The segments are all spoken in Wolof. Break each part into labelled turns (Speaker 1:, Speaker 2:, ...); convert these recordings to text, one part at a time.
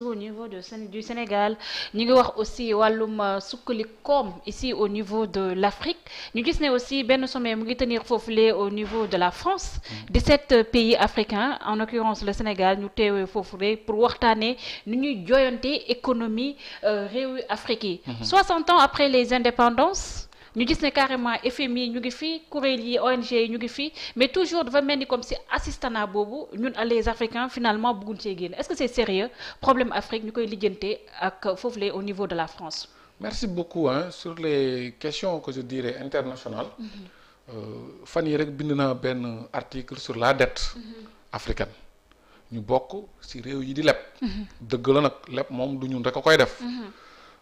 Speaker 1: au niveau de du ñu ngi wax aussi wàllum euh, sukkali koom ici au niveau de l'Afrique ñu gis ne aussi benn sommet mu ngi tenir foofulee au niveau de la France 17 mm. pays africains en l'occurrence le Sénégal ñu teewee foofulee pour waxtaanee nu ñuy jooyante économie euh, réewu Afrique yi mm-hmm. ans après les indépendances ñu gis ne carrément FMI ñu ngi fi kuréel yi ONG yi ñu ngi fi mais toujours dafa mel ni comme si assistanat boobu ñun les Africains finalement bëgguñ cee génn est-ce que c'est sérieux problème Afrique ñu koy lijjante ak foofu la au niveau de la France.
Speaker 2: merci beaucoup hein sur les questions que je dirais internationales.
Speaker 3: Mm-hmm.
Speaker 2: Euh, fan yi rek bind na benn article sur la dette. Mm-hmm. africaine ñu bokk ci réew yi di leb. Mm-hmm. dëgg la nag leb moom du ñun rek a koy def.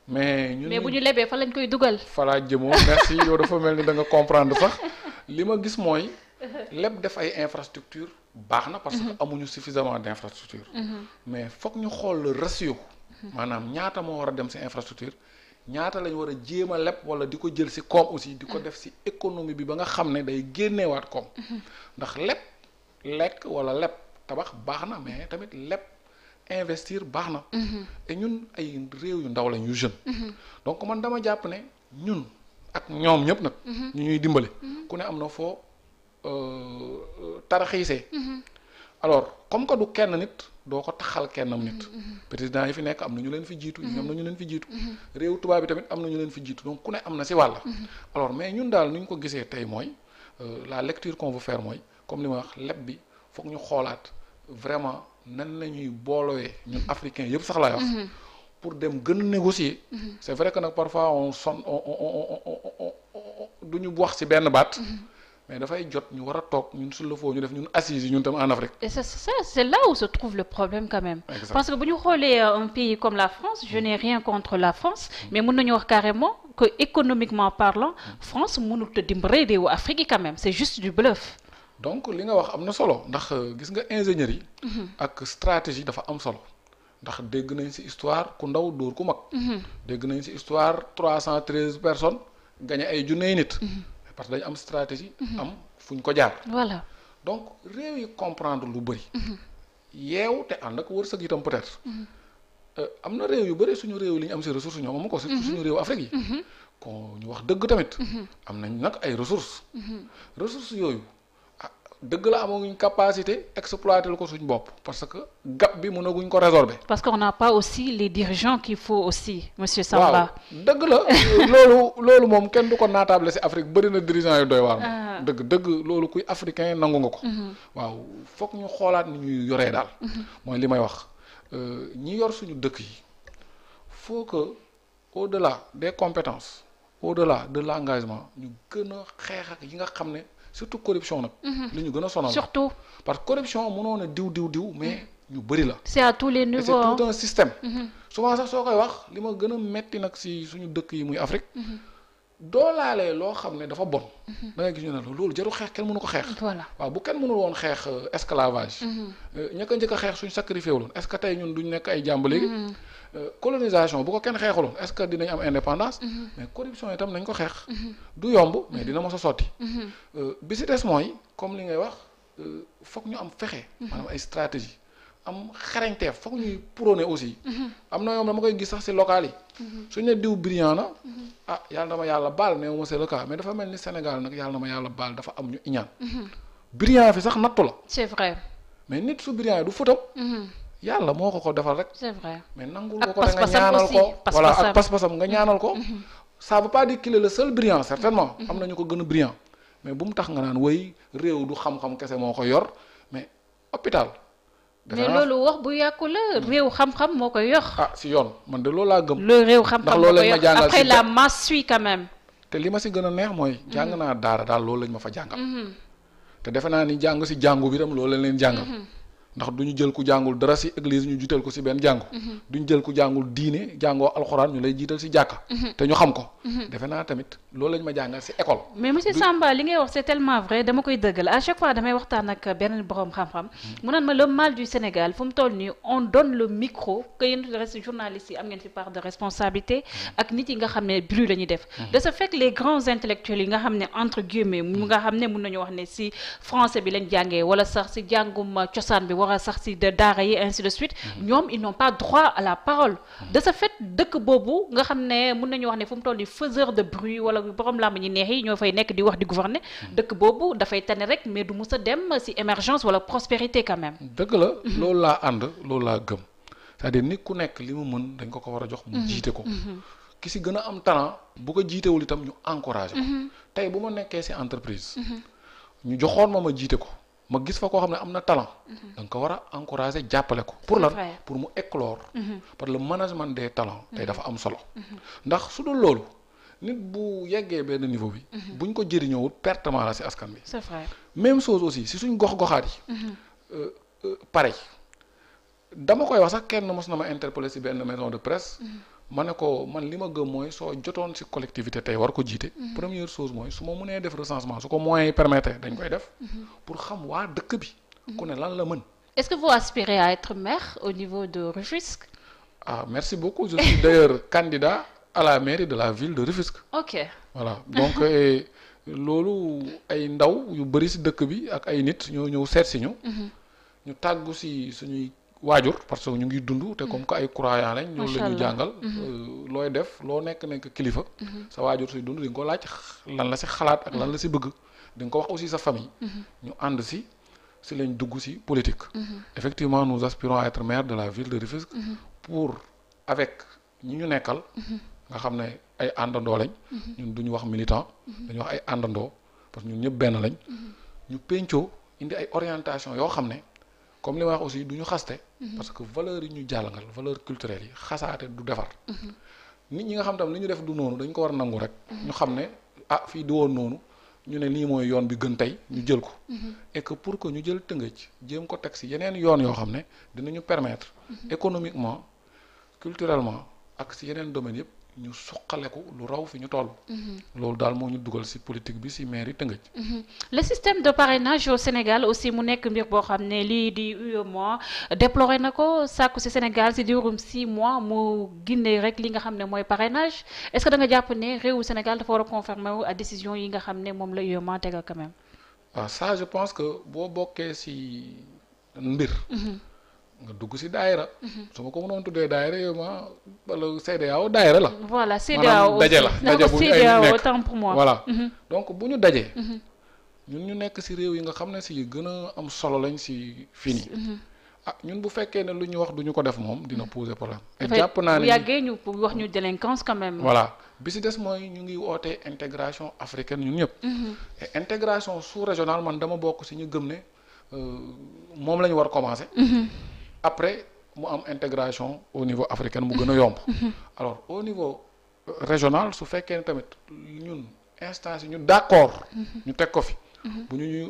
Speaker 2: mais ñu mais bu ñu
Speaker 1: lebee fa lañ koy dugal.
Speaker 2: falaa jëmoo merci yow dafa mel ni danga comprendre sax li ma gis mooy. leb def ay infrastructure baax na parce que mhm. amuñu suffisamment d' infrastructure. Mhm. mais foog ñu xool le ratio. Mhm. maanaam ñaata moo war a dem si infrastructure ñaata lañ war a jéem a leb wala di ko jël si koom aussi di ko def si économie bi ba nga xam ne day génneewaat koom. ndax leb lekk wala leb tabax baax na mais tamit leb. investir baax na. Mhm. et ñun ay réew yu ndaw lañ yu jeune. Mhm. donc man dama jàpp ne ñun ak ñoom ñëpp nag. Mhm. ñu ñuy dimbale. ku ne am na foo euh, taraxiisee. alors comme que du kenn nit doo ko taxal kennam nit. président yi fi nekk am na ñu leen fi jiitu. ñu am na ñu leen fi jiitu. réew tubaab bi tamit am na ñu leen fi jiitu donc ku ne am na si wàll. alors mais ñun daal ni ñu ko gisee tey mooy euh, la lecture qu'on veut faire mooy comme li ma wax leb bi foog ñu xoolaat vraiment. nan la ñuy boolowee ñun africains yëpp sax laay wax. Mhm. pour dem gën a négocier. Mhm. c' est vrai que nag parfois on son du ñu boox ci benn baat. Mhm. mais dafay jot ñu war a ñu ñun su la foo ñu def ñun assises yi ñun tam en Afrique.
Speaker 1: et c'est ça c'est là où se trouve le problème quand même. parce que bu ñu xoolee euh, un pays comme la France je n'ai rien contre la France. mais mën nañu wax carrément que économiquement parlant France mënut a dimbali réewu Afrique yi quand même c'est
Speaker 2: donc li nga wax am na solo ndax euh, gis nga ingénieur yi. Mhm. ak stratégie dafa am solo. ndax dégg nañ ci histoire ku ndaw dóor ku mag. Mhm. dégg nañ ci histoire trois cent treize personnes gañe ay junney nit. Mhm. parce que dañ am stratégie. am fuñ ko jaar. voilà donc réew yi comprendre lu bëri. yeew te ànd ak wërsëg itam peut-être. Euh, am na réew yu bëri suñu réew li ñu am ci ressources ñoom amu suñu réew Afrique yi. kon ñu wax dëgg tamit. am nañ nag ay ressources. ressources yooyu. dëgg la amaguñ capacité exploiter ko suñ bopp parce que gap bi mënaguñ ko résorber.
Speaker 1: parce qu'on n'a pas aussi les dirigeants qu'il faut aussi. monsieur Samba
Speaker 2: dëgg la loolu loolu moom kenn du ko naataable si Afrique bëri na dirigeants yu doy waar. Ah. dëgg dëgg loolu kuy africain nangu nga ko. Mhm. waaw foog ñu xoolaat ni ñuy yoree daal. Mhm. mooy li may wax euh, ñi yor suñu dëkk yi faut que au-delà des compétences au-delà de l'engagement ñu gën a yi nga xam surtout corruption nag. Mhm. li ñu gën a sonal surtout parce que corruption mënoon a diw diw diw mais mhm. ñu bëri la.
Speaker 1: c'est à tous les niveaux
Speaker 2: système. Mhm. souvent sax soo koy wax li ma gën a metti nag si suñu dëkk yi muy Afrique. doo laalee loo xam ne dafa bon. Mhm. da ngay gis ñu ne loolu jarul xeex kenn mënu ko xeex. voilà waaw bu kenn mënul woon xeex euh, esclavage. Mhm. Euh, ña ko njëkk a xeex suñ sacrifié wuloon est-ce que tey ñun duñ nekk ay jàmb léegi. Mhm. Euh, colonisation bu ko kenn xeexuloon est-ce que dinañ am indépendance. mais corruption itam nañ ko xeex. du yomb mais dina mos a sotti. bi si des mooy comme li ngay wax foog ñu am fexe. maanaam ay stratégie. am xarañteef foog ñuy prôné aussi. am na yoon dama koy gis sax ci local yi. suñu ne diw brillant na. ah yàlla ma yàlla baal néew ma c'est le cas mais dafa mel ni Sénégal nag yàlla na ma yàlla baal dafa am ñu iñaan. brillant fi sax nattu la. c'est mais nit su brillant du fotam. yàlla moo ko ko defal rek. c'est mais nangul ko ko da nga ñaanal ko voilà ak pas nga ñaanal ko. ça veut pas dire qu'il est le brillant certainement. am na ñu ko gën a brillant mais bu mu tax nga naan woy réew du xam-xam kese moo ko yor mais hôpital. mais loolu
Speaker 1: wax bu yàqu la hmm. réew xam-xam moo ko yox
Speaker 2: ah si yoon man de loolu laa gëm. loolu réew xam-xam moo koy yox après la
Speaker 1: masse suit quand même.
Speaker 2: te li ma si gën a neex mooy. Hmm. jàng naa daara daal loolu lañ ma fa jàngam hmm. te defe naa ni jàng si jàngu bi tam loolu la leen jàngal. ndax du ñu jël ku jàngul dara ci église ñu jiital ko ci benn jàngu mhm. du ñu jël ku jàngul diine jàngoo alxuraan ñu lay jiital ci jàkka mhm. te ñu xam ko mhm. defe naa tamit loolu lañ ma jàngal ci école
Speaker 1: mais monsieur Samba li ngay wax c'est tellement vrai dama koy dëggal à chaque fois damay waxtaan ak benn borom xam-xam mu naan ma le mal du Sénégal fu mu toll nii on donne le micro que yéen reste journalistes yi am ngeen ci part de responsabilité ak nit yi war a sax si daara yi ainsi de suite ñoom ils n'ont pas droit à la parole de ce fait dëkk boobu nga xam ne mun nañu wax ne fu mu toll ni faiseur de bruit wala borom làmb ñi neex yi ñoo fay nekk di wax di gouverner dëkk boobu dafay tane rek mais du mus a dem si émergence wala prospérité quand même.
Speaker 2: la loolu laa ànd loolu laa gëm cest à nit ku nekk li mu mën dañ ko ko war a jox. mu mhm. jiite ko. Mhm. ki si gën a am talent bu ko jiitewul itam ñu encouragé ko. Mhm. ma gis fa koo xam ne am na talent. Mhm. da ko war a encourager jàppale ko. pour lan pour mu éclore. Mhm. parce que le management des talents. tey mhm. dafa am solo. ndax su dul loolu nit bu yeggee benn niveau bi. buñ ko jëriñoowul pertement la si askan bi. c'est vrai même chose aussi si suñ gox-goxaat yi. Euh, euh, pareil dama koy wax sax kenn mos na ma interpeller si benn maison de presse. ma ne ko man li ma gëm mooy soo jotoon ci collectivité tey war ko jiite. Mhm. première chose mooy su ma mënee def recensement su ko moyens yi permettre dañ koy def. Mhm. pour xam waa dëkk bi. Mhm. ku ne lan la mën.
Speaker 1: est-ce que vous aspirez à être maire au niveau de Rufisque.
Speaker 2: ah merci beaucoup je suis d'ailleurs candidat à la mairie de la ville de Rufisque. ok voilà donc loolu ay ndaw yu bari si dëkk bi ak ay nit ñoo ñëw seet ci ñu. ñu tàggu ci suñuy. waajur parce que ñu ngi dund te mm-hmm. comme que ay croyant lañ ñoo la ñu jàngal mm-hmm. euh, looy def loo nekk nekk kilifa mm-hmm. sa waajur si dund di ko laaj lan la si xalaat ak lan la si bëgg di nga ko wax aussi sa famille ñu ànd si si lañ dugg si politique effectivement nous aspirons à maire de la ville de Rufisque pour avec ñi ñu nekkal nga xam ne ay àndandoo lañ ñun duñu wax militant dañu wax ay àndandoo parce que ñun ñëpp benn lañ ñu péncoo indi ay orientation yoo xam ne comme li ma wax aussi du ñu xaste mhm. parce que valeur yi ñu jàllangal valeur culturelle yi xasaate du defar mhm. nit ñi nga xam tam li ñu def du noonu dañ ko war a nangu rek mhm. ñu xam ne ah fii di woon noonu ñu ne lii mooy yoon bi gën tey ñu jël ko et pour que ñu jël tëngëj jéem ko teg si yeneen yoon yoo xam ne dinañu permettre économiquement culturellement ak si yeneen domaines yëpp ñu suqaleku lu raw fi ñu toll. Mhm. loolu daal moo ñu dugal ci politique bi ci mairie Tëngëj.
Speaker 1: Mhm. le système de parrainage au Sénégal aussi mu nekk mbir boo xam ne lii di UEMOA déploré na ko sàkku ci Sénégal ci diirum 6 mois mu génne rek li nga xam ne mooy parrainage est-ce que da jàpp ne réewu Sénégal dafa war a conformer wu à décision yi nga xam ne moom la UEMOA tegal quand même.
Speaker 2: waaw ça je pense que boo bokkee ci mbir. Mhm. nga dugg si daayira. su ma ko mënoon tuddee daayira yow ma wala CEDEAO daayira la. voilà CEDEAO daje la daje bu ay voilà. Mhm. donc bu ñu dajee. Mhm. ñun ñu nekk si réew yi nga xam ne si gën a am solo lañ si fini. Mhm. ah ñun bu fekkee ne lu ñu wax duñu ko def moom dina poser problème. jàpp naa ne bu yàggee
Speaker 1: ñu wax ñu délinquance quand même. voilà
Speaker 2: bi si des mooy ñu ngi oote intégration africaine ñun ñëpp. et intégration sous régionale man dama bokk si ñu gëm ne euh, moom la war commencer. après mu am intégration au niveau africain mu gën a yomb. alors au niveau euh, régional su fekkee ne tamit ñun instance ñu ñun d'accord. Mhm. ñu teg ko fi. Mhm. bu ñu ñu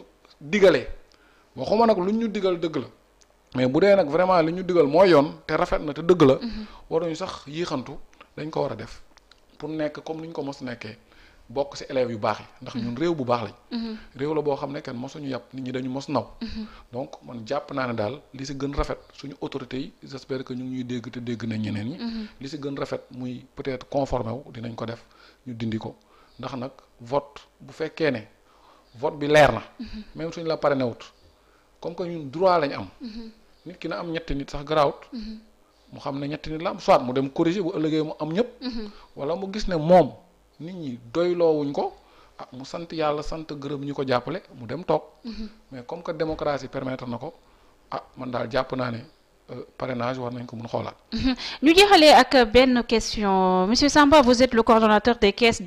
Speaker 2: digalee waxuma nag lu ñu digal dëgg la mais bu dee nag vraiment li ñu digal mooy yoon te rafet na te dëgg la. Mhm. waruñu sax yéexantu dañ ko war a def pour nekk comme ni ñu ko mos nekkee. bokk si élèves yu baax yi ndax ñun mm-hmm. réew bu baax lañ mm-hmm. réew la boo xam ne kenn mosuñu yàpp nit ñi dañu mos naw mm-hmm. donc man jàpp naa ne daal li si gën rafet suñu autorité yi j'espère que ñu ngi ñuy dégg te dégg nañ ñeneen ñi li si gën rafet muy peut-être conformé wu dinañ ko def ñu dindi ko ndax nag vote bu fekkee ne vote bi leer na même suñ la ne wut comme que ñu droit lañ am nit ki na am ñetti nit sax garaawut mu xam ne ñetti nit la am soit mu dem corriger bu ëllëgee mu am ñëpp wala mu gis ne moom nit ñi doyloowuñ ko ah mu sant yàlla sant gërëm ñu ko jàppale mu dem toog. Mm-hmm. mais comme que démocratie permettre na ko ah man daal jàpp naa ne. Euh, parrainage war nañ ko mun xoolaat. Mm-hmm.
Speaker 1: ñu jeexalee ak benn question monsieur Samba vous êtes le coordonnateur des caisses.